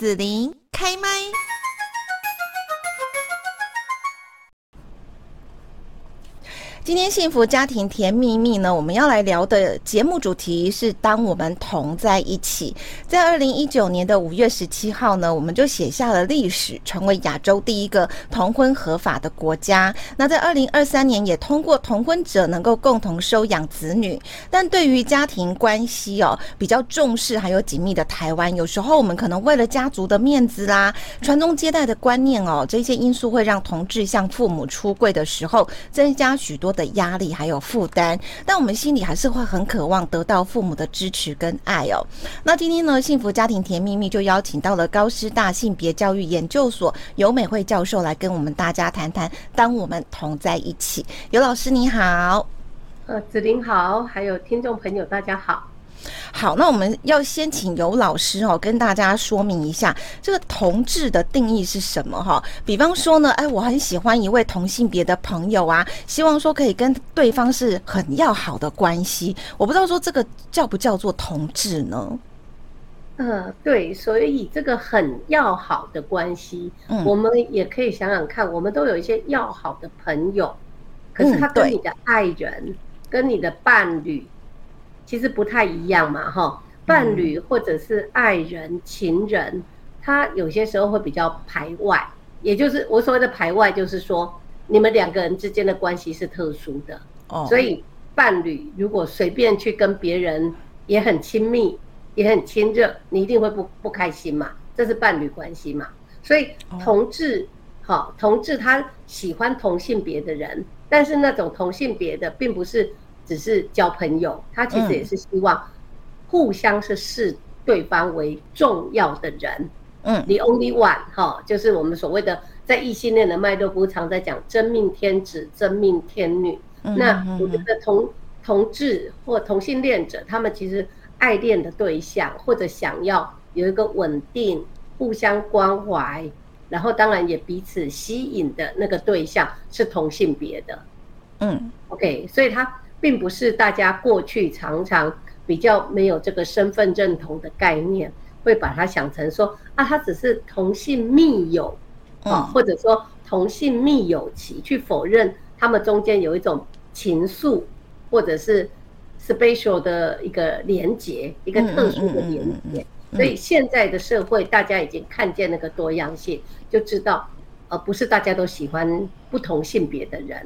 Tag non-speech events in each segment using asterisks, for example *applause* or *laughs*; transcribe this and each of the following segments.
子琳開麥。今天幸福家庭甜蜜蜜呢？我們要來聊的節目主題是：當我們同在一起。在二零一九年的五月十七號呢，我們就寫下了歷史，成為亞洲第一個同婚合法的國家。那在二零二三年，也通過同婚者能夠共同收養子女。但對於家庭關係哦，比較重視還有緊密的台灣，有時候我們可能為了家族的面子啦、傳宗接代的觀念哦，這些因素會讓同志向父母出櫃的時候增加許多的壓力還有負擔，但我們心裡還是會很渴望得到父母的支持跟愛哦。那今天呢，幸福家庭甜蜜蜜就邀請到了高師大性別教育研究所游美惠教授來跟我們大家談談，當我們同在一起。游老師你好。呃，子琳好，還有聽眾朋友大家好。好，那我們要先請游老師，哦，跟大家說明一下這個同志的定義是什麼哈、哦。比方說呢，哎，我很喜歡一位同性別的朋友啊，希望說可以跟對方是很要好的關係。我不知道說這個叫不叫做同志呢？呃，對，所以這個很要好的關係，嗯、我們也可以想想看，我們都有一些要好的朋友，可是他跟你的愛人，嗯、跟你的伴侶。其實不太一樣嘛，哈，伴侶或者是愛人、情人，他有些時候會比較排外，也就是我所謂的排外，就是說你們兩個人之間的關係是特殊的，哦、oh.，所以伴侶如果隨便去跟別人也很親密，也很親熱，你一定會不不開心嘛，這是伴侶關係嘛，所以同志，哈、oh.，同志他喜歡同性別的人，但是那種同性別的並不是。只是交朋友，他其實也是希望互相是視對方為重要的人，嗯，the only one 哈，就是我們所謂的在異性戀的脈絡，不常在講真命天子、真命天女。嗯，那我覺得同同志或同性戀者，他們其實愛戀的對象，或者想要有一個穩定、互相關懷，然後當然也彼此吸引的那個對象是同性別的，嗯，OK，所以他。並不是大家過去常常比較沒有這個身份認同的概念，會把它想成說啊，他只是同性密友，啊，或者說同性密友期去否認他們中間有一種情愫，或者是 special 的一個連結，一個特殊的連結、嗯嗯嗯。所以現在的社會，大家已經看見那個多樣性，就知道，呃、啊，不是大家都喜歡不同性別的人，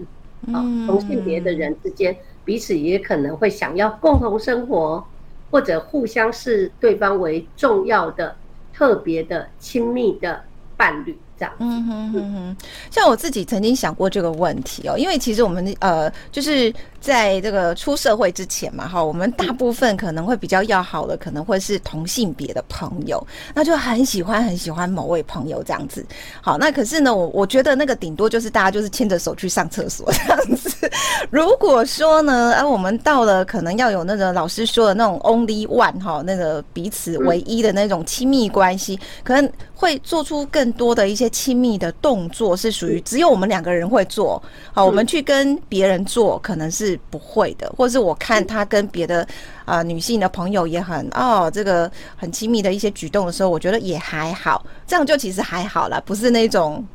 啊，同性別的人之間。嗯嗯彼此也可能會想要共同生活，或者互相視對方為重要的、特別的、親密的伴侶。這樣嗯哼哼、嗯、哼，像我自己曾經想過這個問題哦、喔，因為其實我們呃，就是在這個出社會之前嘛，哈，我們大部分可能會比較要好的，可能會是同性別的朋友，那就很喜歡很喜歡某位朋友這樣子。好，那可是呢，我我覺得那個頂多就是大家就是牽着手去上廁所這樣子。 *laughs* 如果說呢，啊，我們到了可能要有那個老師說的那種 only one 哈，那個彼此唯一的那種親密關係、嗯，可能。會做出更多的一些親密的動作，是屬於只有我們兩個人會做。好，我們去跟別人做，可能是不會的。或是我看他跟別的啊、呃、女性的朋友也很哦，這個很親密的一些舉動的時候，我覺得也還好，這樣就其實還好了，不是那種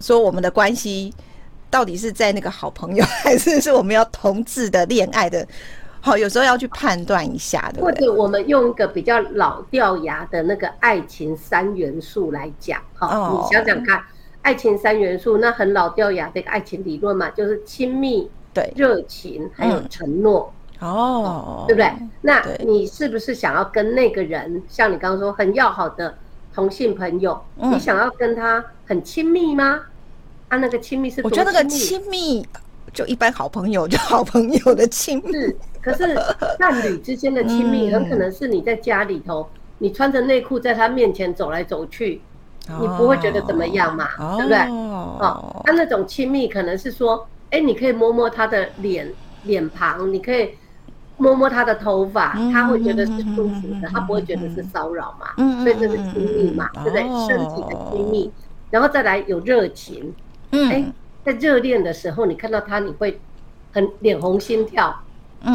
說我們的關係到底是在那個好朋友，還是是我們要同志的戀愛的。好，有時候要去判斷一下，的。或者我們用一個比較老掉牙的那個愛情三元素來講，哈，oh. 你想想看，愛情三元素那很老掉牙的一個愛情理論嘛，就是親密、對、熱情、嗯、還有承諾。哦、oh. 嗯，對不對？那你是不是想要跟那個人，像你剛剛說很要好的同性朋友、嗯，你想要跟他很親密嗎？他、嗯啊、那個親密是親密？我覺得那個親密就一般好朋友就好朋友的親密。 *laughs* 可是伴侶之間的親密，很可能是你在家裡頭、嗯，你穿着內褲在他面前走來走去，你不會覺得怎麼樣嘛？哦、對不對？哦，那那種親密可能是說，哎，你可以摸摸他的臉臉龐，你可以摸摸他的頭髮，他會覺得是舒服的、嗯，他不會覺得是騷擾嘛？嗯、所以這是親密嘛？嗯、對不對、哦？身體的親密，然後再來有熱情，哎、嗯，在熱戀的時候，你看到他，你會很臉紅心跳。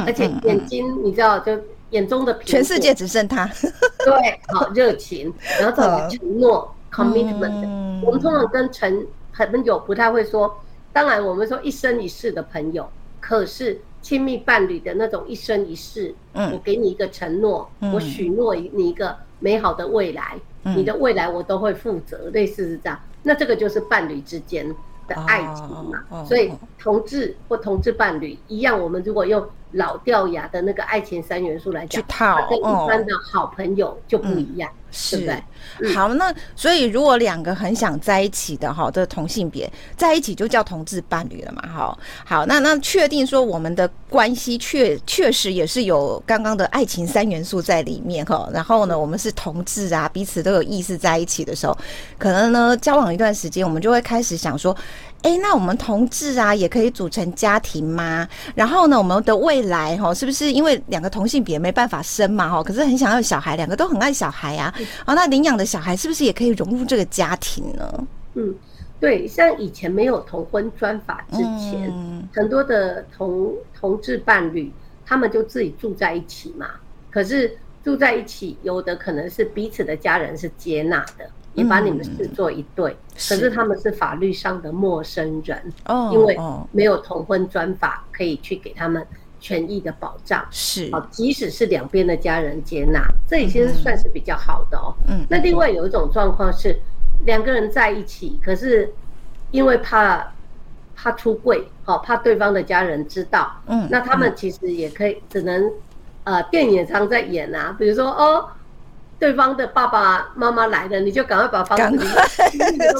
而且眼睛、嗯嗯，你知道，就眼中的全世界只剩他。 *laughs* 對，好熱情，然後找到承諾、嗯、commitment、嗯。我們通常跟成朋友不太會說，當然我們說一生一世的朋友，可是親密伴侶的那種一生一世。嗯、我給你一個承諾、嗯，我許諾你一個美好的未來、嗯，你的未來我都會負責，類似是這樣。那這個就是伴侶之間的愛情嘛。哦哦、所以同志或同志伴侶一樣，我們如果用。老掉牙的那個愛情三元素來去套哦，跟一般的好朋友就不一樣，嗯、對不對是的好，那所以如果兩個很想在一起的哈，這同性別在一起就叫同志伴侶了嘛，哈。好，那那確定說我們的關係確確實也是有剛剛的愛情三元素在裡面哈。然後呢，我們是同志啊，彼此都有意識在一起的時候，可能呢交往一段時間，我們就會開始想說。哎，那我們同志啊，也可以組成家庭嗎？然後呢，我們的未來哈，是不是因為兩個同性別沒辦法生嘛？哈，可是很想要小孩，兩個都很愛小孩啊。啊、哦，那領養的小孩是不是也可以融入這個家庭呢？嗯，對，像以前沒有同婚專法之前，嗯、很多的同同志伴侶，他們就自己住在一起嘛。可是住在一起，有的可能是彼此的家人是接納的。也把你們視作一對，嗯，可是他們是法律上的陌生人，哦，因為沒有同婚專法可以去給他們權益的保障，是即使是兩邊的家人接納，嗯，這已經算是比較好的哦。嗯，那另外有一種狀況是，兩、嗯、個人在一起，可是因為怕怕出櫃，好怕對方的家人知道，嗯，那他們其實也可以只能，嗯、呃，電影上在演啊，比如說哦。對方的爸爸媽媽來了，你就趕快把房子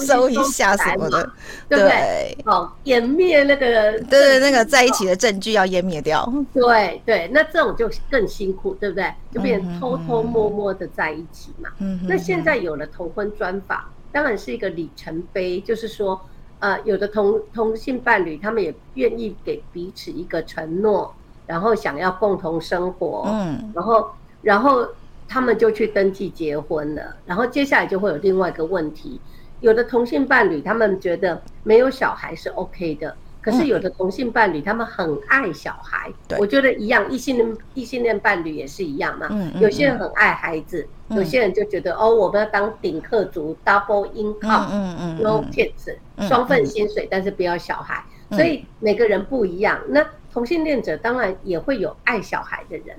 收搜一下什麼的，對不對？好，湮滅那個對對那個在一起的證據要湮滅掉。對，對對，那這種就更辛苦，對不對？就變偷偷摸，摸摸的在一起嘛。嗯哼嗯哼。那現在有了同婚專法，當然是一個里程碑，就是說，呃，有的同同性伴侶他們也願意給彼此一個承諾，然後想要共同生活，嗯，然後然後。他們就去登記結婚了，然後接下來就會有另外一個問題。有的同性伴侶他們覺得沒有小孩是 OK 的，可是有的同性伴侶他們很愛小孩。嗯、我覺得一樣，異性戀異性戀伴侶也是一樣嘛。嗯、有些人很愛孩子，嗯、有些人就覺得哦，我們要當頂客族，double income，嗯嗯，嗯，no kids，雙份薪水，嗯，但是不要小孩。所以每個人不一樣。那同性戀者當然也會有愛小孩的人。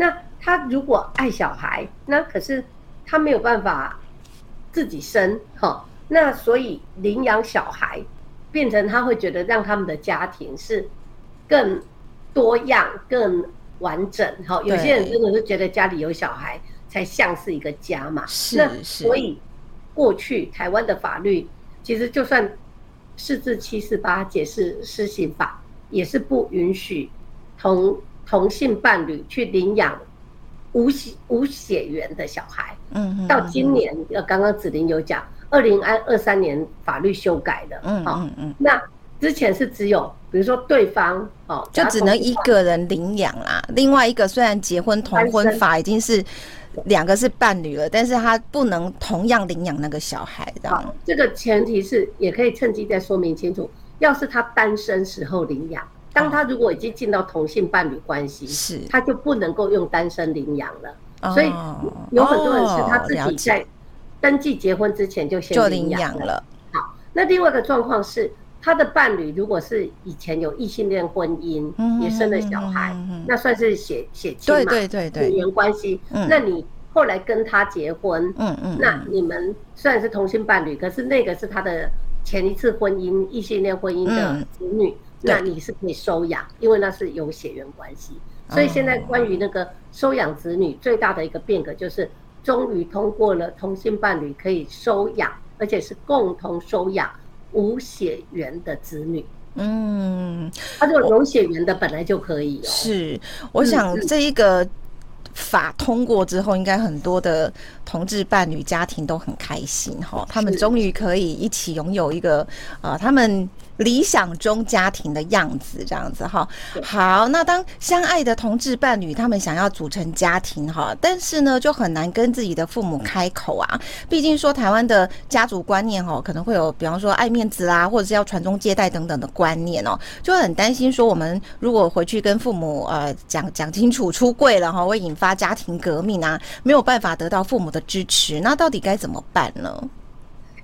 那他如果愛小孩，那可是他沒有辦法自己生，那所以領養小孩，變成他會覺得讓他們的家庭是更多樣、更完整。有些人真的是覺得家裡有小孩才像是一個家嘛。是。所以過去台灣的法律其實就算釋字七四八解釋施行法也是不允許同。同性伴侶去領養無血無血緣的小孩，嗯嗯，到今年呃，剛剛子琳有講，二零二三年法律修改的，嗯嗯嗯、哦，那之前是只有比如說對方哦，就只能一個人領養啦、啊。另外一個雖然結婚同婚法已經是兩個是伴侶了，但是他不能同樣領養那個小孩的，這個前提是也可以趁機再說明清楚，要是他單身時候領養。當他如果已經進到同性伴侶關係，是、oh, 他就不能夠用單身領養了。Oh, 所以有很多人是他自己在登記結婚之前就先領養了、oh, 了解。就領養了。好，那另外一個狀況是，他的伴侶如果是以前有異性戀婚姻，mm -hmm. 也生了小孩，mm -hmm. 那算是血血親嘛，對對對對，血緣關係。Mm -hmm. 那你後來跟他結婚，mm -hmm. 那你們算是同性伴侶，可是那個是他的前一次婚姻異性戀婚姻的子女。Mm -hmm. 那你是可以收養，因為那是有血緣關係。所以現在關於那個收養子女最大的一個變革，就是終於通過了同性伴侶可以收養，而且是共同收養無血緣的子女。嗯，它這種有血緣的本來就可以哦。是，我想這一個法通過之後，應該很多的同志伴侶家庭都很開心哈、哦，他們終於可以一起擁有一個呃他們。理想中家庭的樣子，這樣子哈。好，那當相愛的同志伴侶他們想要組成家庭哈，但是呢就很難跟自己的父母開口啊。畢竟說台灣的家族觀念哈，可能會有比方說愛面子啊，或者是要傳宗接代等等的觀念哦，就很擔心說我們如果回去跟父母呃講講清楚出櫃了哈，會引發家庭革命啊，沒有辦法得到父母的支持，那到底該怎麼辦呢？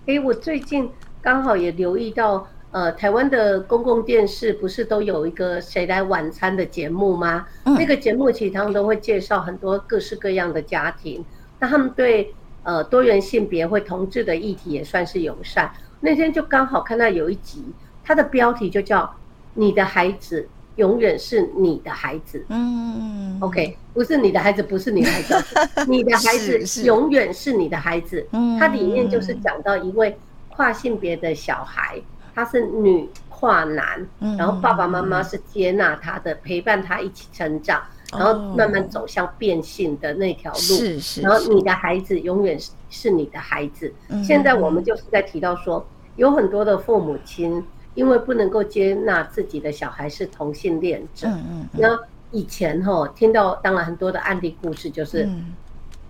哎、欸，我最近剛好也留意到。呃，台灣的公共電視不是都有一個誰來晚餐的節目嗎？嗯、那個節目其實他們都會介紹很多各式各樣的家庭，那他們對呃多元性別或同志的議題也算是友善。那天就剛好看到有一集，它的標題就叫“你的孩子永遠是你的孩子”嗯。嗯，OK，不是你的孩子，不是你的孩子， *laughs* *laughs* 你的孩子永遠是你的孩子。它裡面就是講到一位跨性別的小孩。他是女跨男，嗯，然後爸爸媽媽是接納他的，嗯、陪伴他一起成長，哦，然後慢慢走向變性的那條路。是是。然後你的孩子永遠是是你的孩子、嗯。現在我們就是在提到說，嗯，有很多的父母親因為不能夠接納自己的小孩是同性戀者，嗯嗯。那、嗯、以前哈、哦，聽到當然很多的案例故事，就是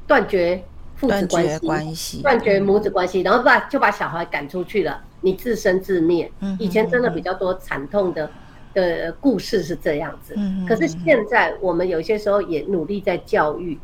斷絕父子關係，嗯、關係斷絕母子關係，嗯、然後把就把小孩趕出去了。你自生自滅。以前真的比較多慘痛的的故事是這樣子。可是現在我們有些時候也努力在教育，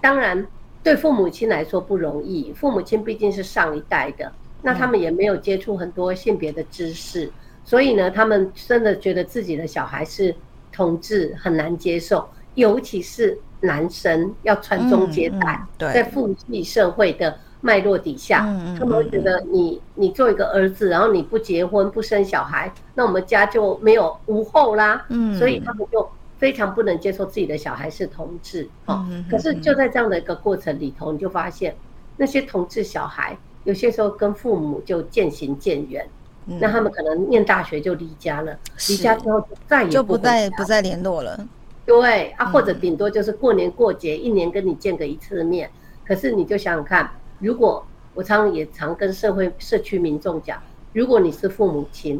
當然對父母親來說不容易，父母親畢竟是上一代的，那他們也沒有接觸很多性別的知識，嗯、所以呢，他們真的覺得自己的小孩是同志很難接受，尤其是男生要傳宗接代，在父系社會的。嗯脈絡底下，嗯，他們會覺得，你你做一個兒子，然後你不結婚不生小孩，那我們家就沒有無後啦，嗯。所以他們就非常不能接受自己的小孩是同志，嗯哦嗯，可是就在這樣的一個過程裡頭，你就發現，嗯，那些同志小孩有些時候跟父母就漸行漸遠，嗯。那他們可能念大學就離家了，離家之後就再也不，就不再不再聯絡了。對，嗯，啊，或者頂多就是過年過節一年跟你見個一次面。嗯，可是你就想想看。如果我常也常跟社會社區民眾講，如果你是父母親，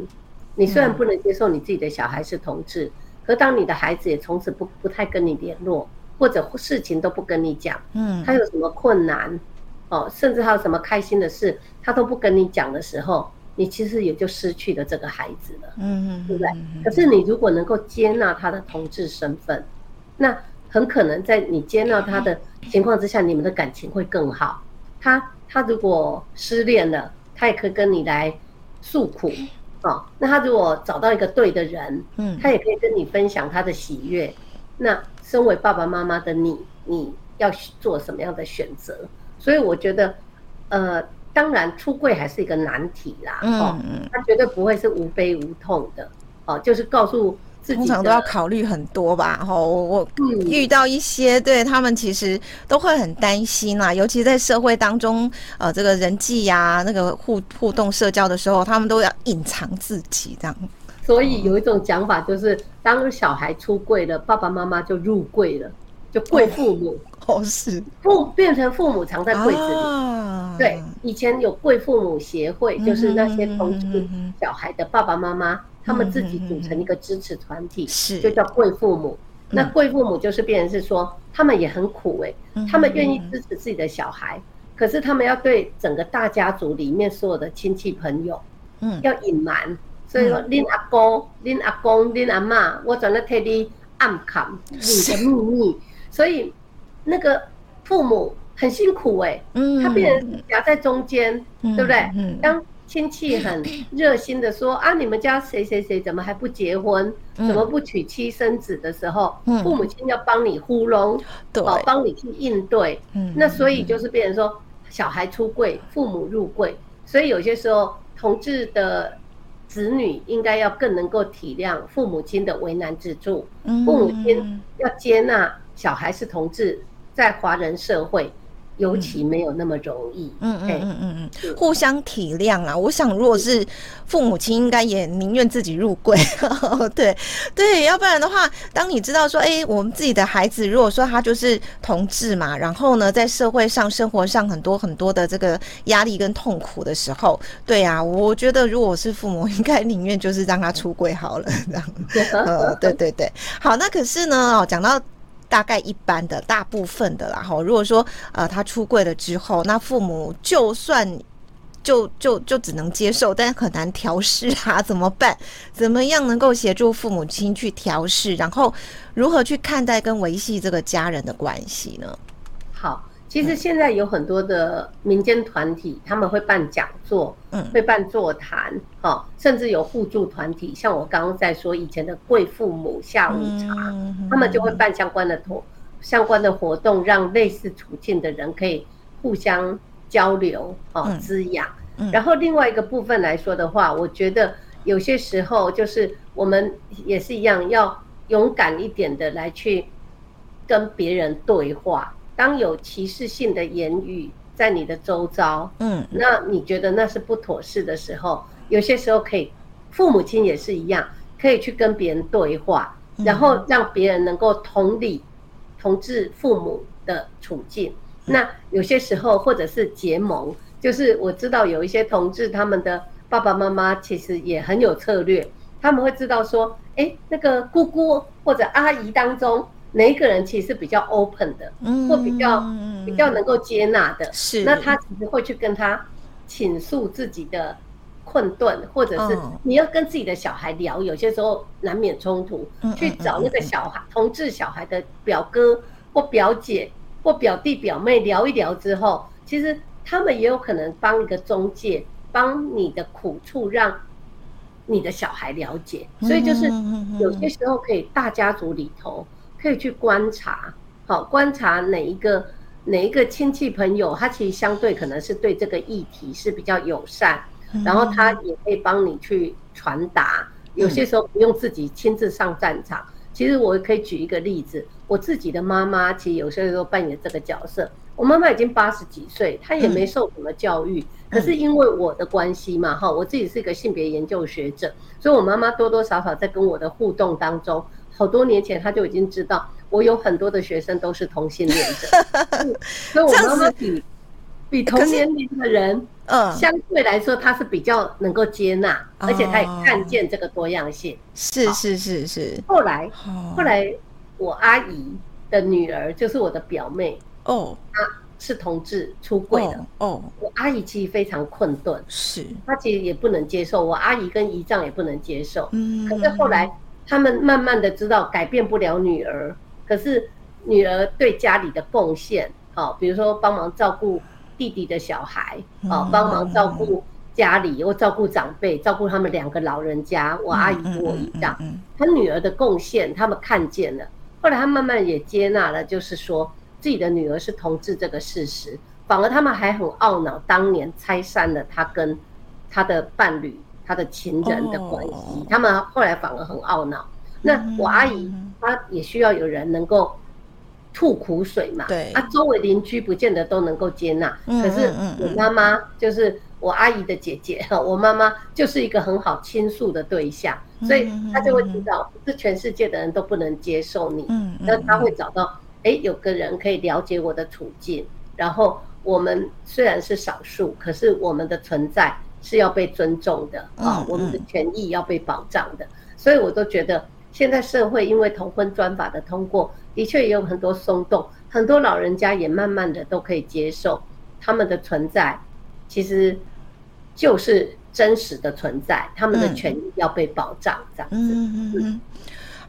你雖然不能接受你自己的小孩是同志，嗯、可當你的孩子也從此不不太跟你聯絡，或者事情都不跟你講，嗯，他有什麼困難，哦，甚至還有什麼開心的事，他都不跟你講的時候，你其實也就失去了這個孩子了，嗯，對不對、嗯嗯。可是你如果能夠接納他的同志身份，那很可能在你接納他的情況之下，你們的感情會更好。他他如果失戀了，他也可以跟你來訴苦哦。那他如果找到一個對的人，嗯，他也可以跟你分享他的喜悅。那身為爸爸媽媽的你，你要做什麼樣的選擇？所以我覺得，呃，當然出櫃還是一個難題啦。嗯、哦，他絕對不會是無悲無痛的哦，就是告訴。通常都要考慮很多吧、嗯哦，我遇到一些對他們其實都會很擔心啊，尤其在社會當中，呃，這個人際呀、啊，那個互互動社交的時候，他們都要隱藏自己，這樣。所以有一種講法就是，哦，當小孩出櫃了，爸爸媽媽就入櫃了，就櫃父母。哦，哦是父變成父母藏在櫃子裡。啊。對，以前有櫃父母協會，嗯、就是那些同志小孩的爸爸媽媽。嗯嗯嗯嗯他們自己組成一個支持團體，是、嗯嗯嗯、就叫櫃父母。那櫃父母就是變成是說，嗯、他們也很苦、欸嗯、他們願意支持自己的小孩、嗯嗯，可是他們要對整個大家族裡面所有的親戚朋友，嗯，要隱瞞。所以說，恁、嗯、阿公、恁、嗯、阿公、恁、嗯、阿嬤，我轉了特地暗藏，你的祕密。所以那個父母很辛苦、欸嗯、他變成夾在中間、嗯，對不對？嗯。嗯嗯親戚很熱心的說：“ *laughs* 啊，你們家誰誰誰怎麼還不結婚、嗯？怎麼不娶妻生子？”的時候，嗯、父母親要幫你呼嚨，對、嗯，幫你去應對，對。那所以就是變成說，嗯、小孩出櫃，父母入櫃、嗯。所以有些時候，同志的子女應該要更能夠體諒父母親的為難之處、嗯。父母親要接納小孩是同志，在華人社會。尤其沒有那麼容易，嗯嗯嗯嗯嗯，互相體諒啊、嗯！我想，如果是父母親，應該也寧願自己入櫃， *laughs* 對對，要不然的話，當你知道說，哎、欸，我們自己的孩子，如果說他就是同志嘛，然後呢，在社會上、生活上很多很多的這個壓力跟痛苦的時候，對啊，我覺得如果是父母，應該寧願就是讓他出櫃好了，這樣， *laughs* 呃，對，對對對，好，那可是呢，哦，講到。大概一般的、大部分的啦。哈，如果說呃，他出櫃了之後，那父母就算就就就、就只能接受，但很難調適啊，怎麼辦？怎麼樣能夠協助父母親去調適？然後如何去看待跟維繫這個家人的關係呢？好。其實現在有很多的民間團體，嗯，他們會辦講座，嗯，會辦座談，哈、啊，甚至有互助團體，像我剛剛在說以前的貴父母下午茶、嗯嗯，他們就會辦相關的同相關的活動，讓類似處境的人可以互相交流，啊、嗯、滋養、嗯嗯。然後另外一個部分來說的話，我覺得有些時候就是我們也是一樣，要勇敢一點的來去跟別人對話。當有歧視性的言語在你的周遭，嗯，嗯，嗯、那你覺得那是不妥適的時候，有些時候可以，父母親也是一樣，可以去跟別人對話，然後讓別人能夠同理、同志父母的處境。那有些時候或者是結盟，就是我知道有一些同志他們的爸爸媽媽其實也很有策略，他們會知道說，哎，那個姑姑或者阿姨當中。哪一個人其實是比較 open 的，或比較、嗯、比較能夠接納的，是那他其實會去跟他傾訴自己的困頓，或者是你要跟自己的小孩聊，哦、有些時候難免衝突嗯嗯嗯嗯，去找那個小孩嗯嗯嗯同志小孩的表哥或表姐或表弟表妹聊一聊之後，其實他們也有可能幫一個中介，幫你的苦楚讓你的小孩了解嗯嗯嗯嗯，所以就是有些時候可以大家族裡頭。可以去觀察，好觀察哪一個哪一個親戚朋友，他其實相對可能是對這個議題是比較友善，嗯、然後他也可以幫你去傳達。有些時候不用自己親自上戰場，嗯。其實我可以舉一個例子，我自己的媽媽其實有些時候扮演這個角色。我媽媽已經八十幾歲，她也沒受什麼教育，嗯、可是因為我的關係嘛，哈，我自己是一個性別研究學者，所以我媽媽多多少少在跟我的互動當中。好多年前他就已經知道，我有很多的學生都是同性戀者， *laughs* 所以我媽媽比，比同年齡的人，相對來說他是比較能夠接納、嗯，而且他也看見這個多樣性。哦、是是是是。後來、哦，後來我阿姨的女兒就是我的表妹哦，啊，是同志出櫃的哦，哦。我阿姨其實非常困頓，是，她其實也不能接受，我阿姨跟姨丈也不能接受，嗯，可是後來。他們慢慢的知道改變不了女兒，可是女兒對家裡的貢獻，好，比如說幫忙照顧弟弟的小孩，啊，幫忙照顧家裡又照顧長輩，照顧他們兩個老人家，我阿姨跟我一樣，他女兒的貢獻他們看見了，後來他慢慢也接納了，就是說自己的女兒是同志這個事實，反而他們還很懊惱當年拆散了他跟他的伴侶。他的情人的關係，oh, 他們後來反而很懊惱。嗯、那我阿姨、嗯、她也需要有人能夠吐苦水嘛？對。啊，周圍鄰居不見得都能夠接納、嗯。可是我媽媽就是我阿姨的姐姐、嗯，我媽媽就是一個很好傾訴的對象，嗯、所以她就會知道，不、嗯、是全世界的人都不能接受你。嗯那她會找到，哎，有個人可以了解我的處境。然後我們雖然是少數，可是我們的存在。是要被尊重的啊、嗯嗯，我們的權益要被保障的。所以我都覺得現在社會因為同婚專法的通過，的確也有很多鬆動，很多老人家也慢慢的都可以接受他們的存在，其實就是真實的存在，他們的權益要被保障這樣子嗯。嗯嗯嗯。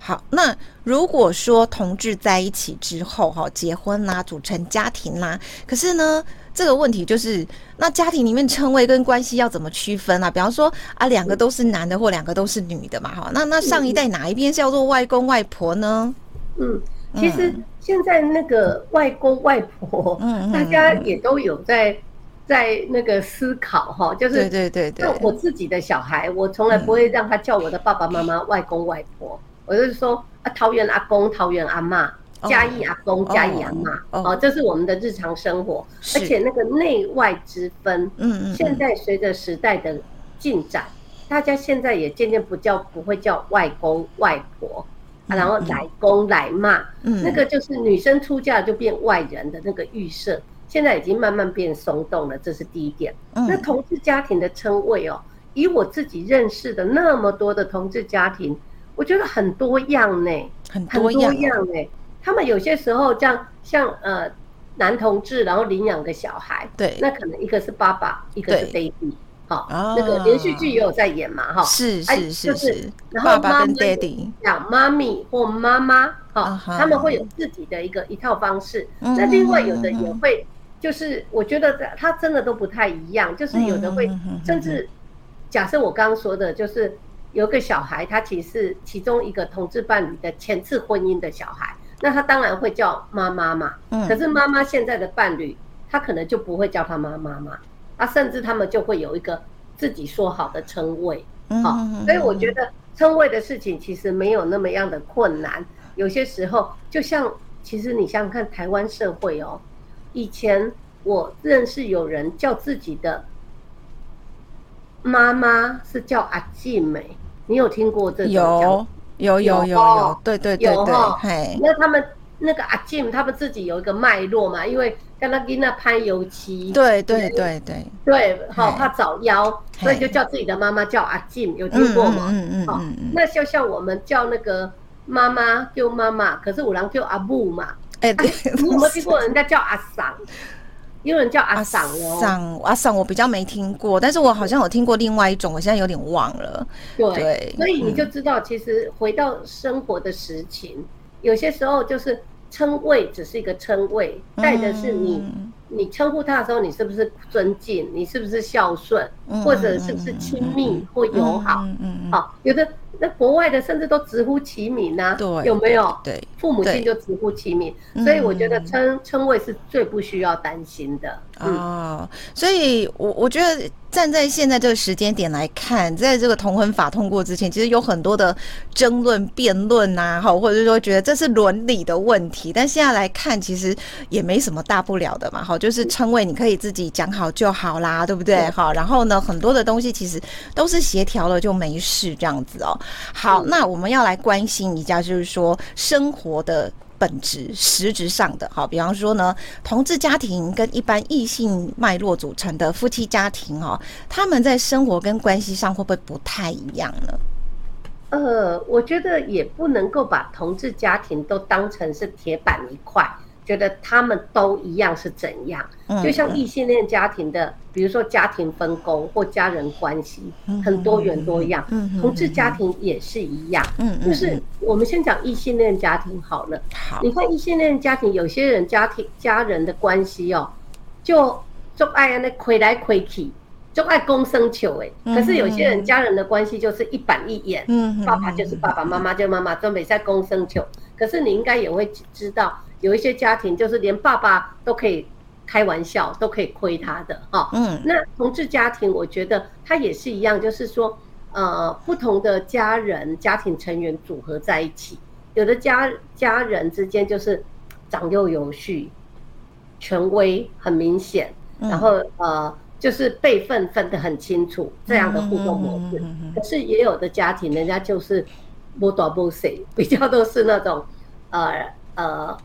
好，那如果說同志在一起之後，哈，結婚啦、啊，組成家庭啦、啊，可是呢？這個問題就是，那家庭裡面稱謂跟關係要怎麼區分啊？比方說啊，兩個都是男的或兩個都是女的嘛，哈，那那上一代哪一邊叫做外公外婆呢？嗯，其實現在那個外公外婆，嗯大家也都有在在那個思考哈、嗯，就是對對對對，我自己的小孩，我從來不會讓他叫我的爸爸媽媽外公外婆，嗯、我就是說啊，桃園阿公，桃園阿嬤。加一阿公、oh, 加一阿媽，哦、oh, oh,，oh. 這是我們的日常生活，而且那個內外之分，嗯嗯，現在隨着時代的進展，嗯、大家現在也漸漸不叫不會叫外公外婆，嗯啊、然後來公來媽、嗯，那個就是女生出嫁就變外人的那個預設，現在已經慢慢變鬆動了，這是第一點。嗯、那同志家庭的稱謂哦，以我自己認識的那麼多的同志家庭，我覺得很多樣呢、欸，很多樣呢、啊。他們有些時候像，像像呃男同志，然後領養個小孩，對，那可能一個是爸爸，一個是 daddy 好，那個連續劇也有在演嘛，哈、哦，是是、哎、是，就是，是，是然後媽媽爸爸跟 daddy 媽咪或媽媽，哈、哦，uh -huh. 他們會有自己的一個一套方式。那、uh -huh. 另外有的也會，uh -huh. 就是我覺得他他真的都不太一樣，就是有的會、uh -huh. 甚至假設我剛剛說的，就是有個小孩，他其實是其中一個同志伴侶的前次婚姻的小孩。那他當然會叫媽媽嘛，嗯，可是媽媽現在的伴侶，他可能就不會叫他媽媽嘛，啊，甚至他們就會有一個自己說好的稱謂，好，嗯啊嗯，所以我覺得稱謂的事情其實沒有那麼樣的困難，有些時候就像其實你想想看台灣社會哦，以前我認識有人叫自己的媽媽是叫阿季美，你有聽過這有？有有有有，有、哦、有，對對對對，哦、那他們那個阿靜，他們自己有一個脈絡嘛，因為跟他跟那拍油漆，對對、嗯、對對對，好怕找妖，所以就叫自己的媽媽叫阿靜、嗯，有聽過嗎？嗯嗯嗯、哦、嗯，那就像我們叫那個媽媽叫媽媽，可是五郎叫阿母嘛，欸、對、啊、我沒聽過人家叫阿桑？有人叫阿桑哦、喔，阿桑我比較沒聽過，但是我好像有聽過另外一種，我現在有點忘了。對，對所以你就知道，其實回到生活的實情、嗯，有些時候就是稱謂只是一個稱謂，帶的是你、嗯、你稱呼他的時候，你是不是尊敬，嗯、你是不是孝順、嗯，或者是不是親密或友好。嗯嗯，好、嗯嗯啊，有的。那國外的甚至都直呼其名呢、啊，有沒有？對，對父母親就直呼其名，所以我覺得稱稱謂是最不需要擔心的啊、嗯哦。所以我，我我覺得站在現在這個時間點來看，在這個同婚法通過之前，其實有很多的爭論、辯論啊，哈，或者是說覺得這是倫理的問題，但現在來看，其實也沒什麼大不了的嘛，哈，就是稱謂你可以自己講好就好啦，對不對？哈，然後呢，很多的東西其實都是協調了就沒事，這樣子哦。好，那我們要來關心一下，就是說生活的本質實質上的好，比方說呢，同志家庭跟一般異性脈絡組成的夫妻家庭哈，他們在生活跟關係上會不會不太一樣呢？呃，我覺得也不能夠把同志家庭都當成是鐵板一塊。覺得他們都一樣是怎樣？就像異性戀家庭的，比如說家庭分工或家人關係，很多元多樣。同志家庭也是一樣，就是我們先講異性戀家庭好了。好，你看異性戀家庭，有些人家庭家人的關係哦、喔，就就愛那虧來虧去，就愛共生球。哎，可是有些人家人的關係就是一板一眼，爸爸就是爸爸，媽媽就媽媽，都沒在共生球。可是你應該也會知道。有一些家庭就是連爸爸都可以開玩笑，都可以虧他的哈。嗯，那同志家庭，我覺得他也是一樣，就是說，呃，不同的家人家庭成員組合在一起，有的家家人之間就是長幼有序，權威很明顯，嗯、然後呃，就是輩分分得很清楚這樣的互動模式。嗯嗯嗯嗯嗯嗯、可是也有的家庭，人家就是沒大沒小比較都是那種，呃呃。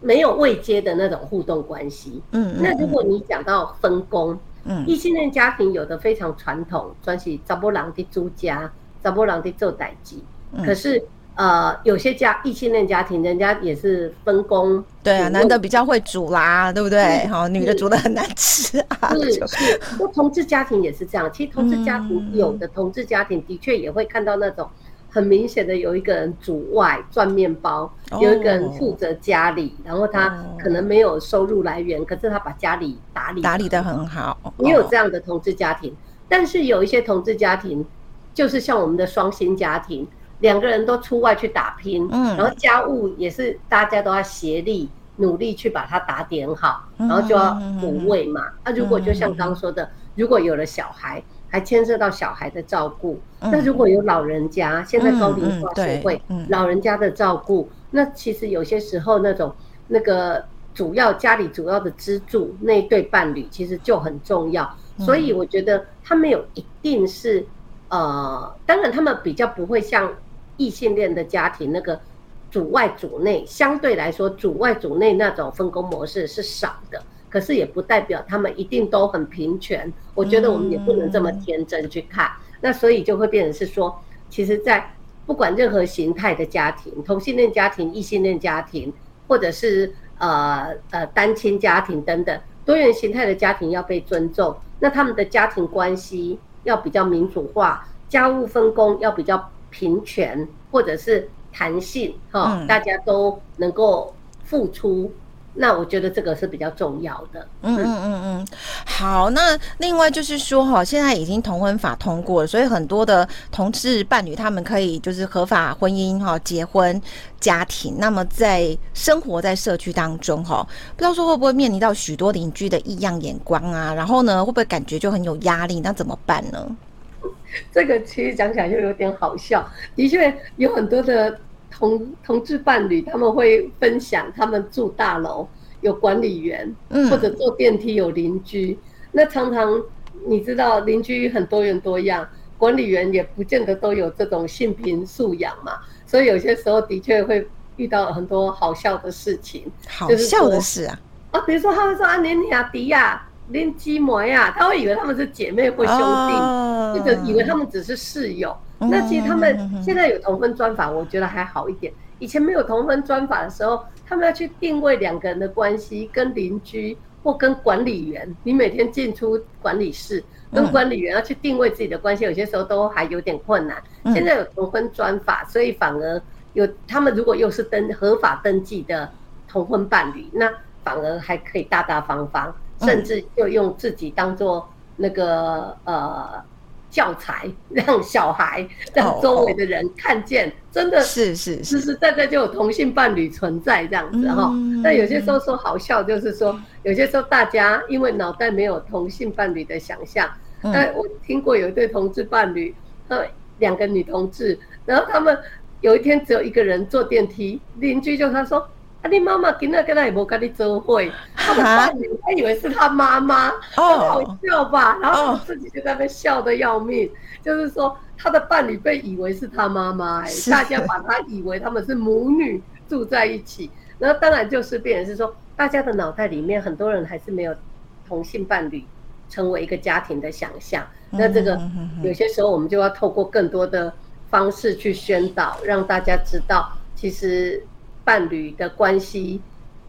沒有位階的那種互動關係。嗯，嗯，那如果你講到分工，嗯，異性戀家庭有的非常傳統，專係查波朗的租家，查波朗的做代誌。嗯。可是呃，有些家異性戀家庭，人家也是分工。對啊，男的比較會煮啦，對不對？嗯，好，女的煮得很難吃啊。是是。那 *laughs* 同志家庭也是這樣。其實同志家庭有的同志家庭的確也會看到那種。很明顯的有一個人主外賺面包，oh, 有一個人負責家裡，然後他可能沒有收入來源，oh. 可是他把家裡打理打理得很好。也、oh. 有這樣的同志家庭，但是有一些同志家庭，就是像我們的雙薪家庭，兩個人都出外去打拼，嗯、mm.，然後家務也是大家都要協力努力去把它打點好，然後就要補位嘛。那、mm -hmm. 啊、如果就像剛剛說的，mm -hmm. 如果有了小孩。還牽涉到小孩的照顧、嗯，那如果有老人家，嗯、現在高齡化社會、嗯嗯嗯，老人家的照顧，那其實有些時候那種那個主要家裡主要的支柱那一對伴侶，其實就很重要。所以我覺得他們有一定是，嗯、呃，當然他們比較不會像異性戀的家庭那個主外主內，相對來說主外主內那種分工模式是少的。可是也不代表他們一定都很平權，我覺得我們也不能這麼天真去看。嗯、那所以就會變成是說，其實，在不管任何形態的家庭，同性戀家庭、異性戀家庭，或者是呃呃單親家庭等等，多元形態的家庭要被尊重，那他們的家庭關係要比較民主化，家務分工要比較平權，或者是彈性，哈，嗯、大家都能夠付出。那我覺得這個是比較重要的。嗯嗯嗯嗯，好，那另外就是說哈，現在已經同婚法通過了，所以很多的同志伴侶他們可以就是合法婚姻哈結婚家庭。那麼在生活在社區當中哈，不知道說會不會面臨到許多鄰居的異樣眼光啊？然後呢，會不會感覺就很有壓力？那怎麼辦呢？這個其實講起來就有點好笑，的確有很多的。同同志伴侶他們會分享，他們住大樓有管理員，或者坐電梯有鄰居。嗯、那常常你知道鄰居很多元多樣，管理員也不見得都有這種性平素養嘛，所以有些時候的確會遇到很多好笑的事情。好笑的事啊，就是、啊，比如說他們說啊，琳雅迪亞、琳基摩呀，他會以為他們是姐妹或兄弟，或、哦、者、就是、以為他們只是室友。那其實他們現在有同婚專法，我覺得還好一點。以前沒有同婚專法的時候，他們要去定位兩個人的關係，跟鄰居或跟管理員，你每天進出管理室，跟管理員要去定位自己的關係，有些時候都還有點困難。現在有同婚專法，所以反而有他們如果又是登合法登記的同婚伴侶，那反而還可以大大方方，甚至就用自己當做那個呃。教材讓小孩、讓周圍的人看見，oh, oh. 真的是是,是，實實在在就有同性伴侶存在這樣子哈。Mm -hmm. 但有些時候說好笑，就是說有些時候大家因為腦袋沒有同性伴侶的想象。Mm -hmm. 但我聽過有一對同志伴侶，他們，兩個女同志，然後他們有一天只有一個人坐電梯，鄰居就他說。啊！你媽媽今日跟來無跟你做伙，他的伴侶還以為是他媽媽，好好笑吧、哦，然後自己就在那笑得要命。哦、就是說，他的伴侶被以為是他媽媽，大家把他以為他們是母女住在一起，然後當然就是變成是說，大家的腦袋裡面很多人還是沒有同性伴侶成為一個家庭的想象、嗯。那這個有些時候我們就要透過更多的方式去宣導，讓大家知道，其實。伴侶的關係，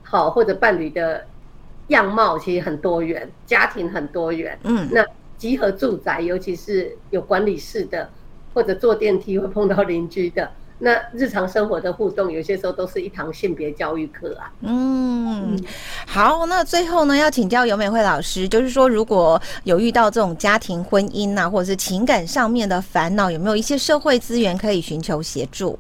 好，或者伴侶的樣貌其實很多元，家庭很多元。嗯，那集合住宅，尤其是有管理室的，或者坐電梯會碰到鄰居的，那日常生活的互動，有些時候都是一堂性別教育課啊。嗯，好，那最後呢，要請教游美惠老師，就是說如果有遇到這種家庭婚姻啊，或者是情感上面的煩惱，有沒有一些社會資源可以尋求協助？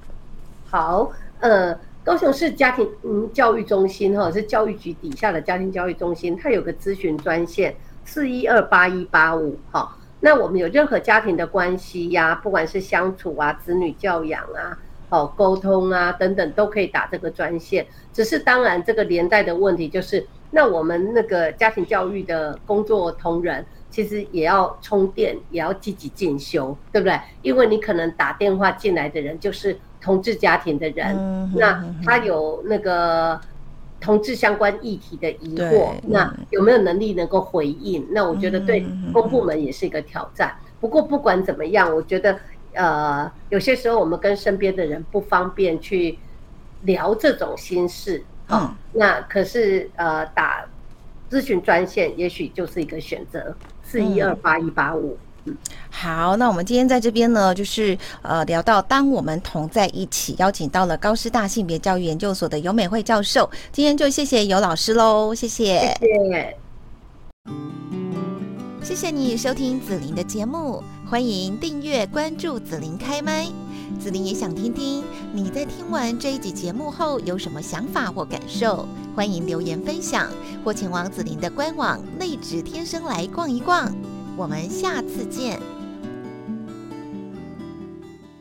好，呃。高雄市家庭嗯教育中心。哈，是教育局底下的家庭教育中心，它有個諮詢專線四一二八一八五哈。那我們有任何家庭的關係呀、啊，不管是相處啊、子女教養啊、哦溝通啊等等，都可以打這個專線。只是當然這個年代的問題就是，那我們那個家庭教育的工作同仁其實也要充電，也要積極進修，對不對？因為你可能打電話進來的人就是。同志家庭的人、嗯，那他有那個同志相關議題的疑惑，那有沒有能力能夠回應？嗯、那我覺得對公、嗯、部門也是一個挑戰、嗯。不過不管怎麼樣，我覺得呃，有些時候我們跟身邊的人不方便去聊這種心事啊、嗯，那可是呃打諮詢專線，也許就是一個選擇，四一二八一八五。嗯好，那我們今天在這邊呢，就是呃聊到當我們同在一起，邀請到了高師大性別教育研究所的游美惠教授。今天就謝謝游老師嘍，謝謝，謝謝，謝謝你收聽子琳的節目，歡迎訂閱關注子琳開麥。子琳也想聽聽你在聽完這一集節目後有什麼想法或感受，歡迎留言分享，或前往子琳的官網麗質天聲來逛一逛。我們下次見。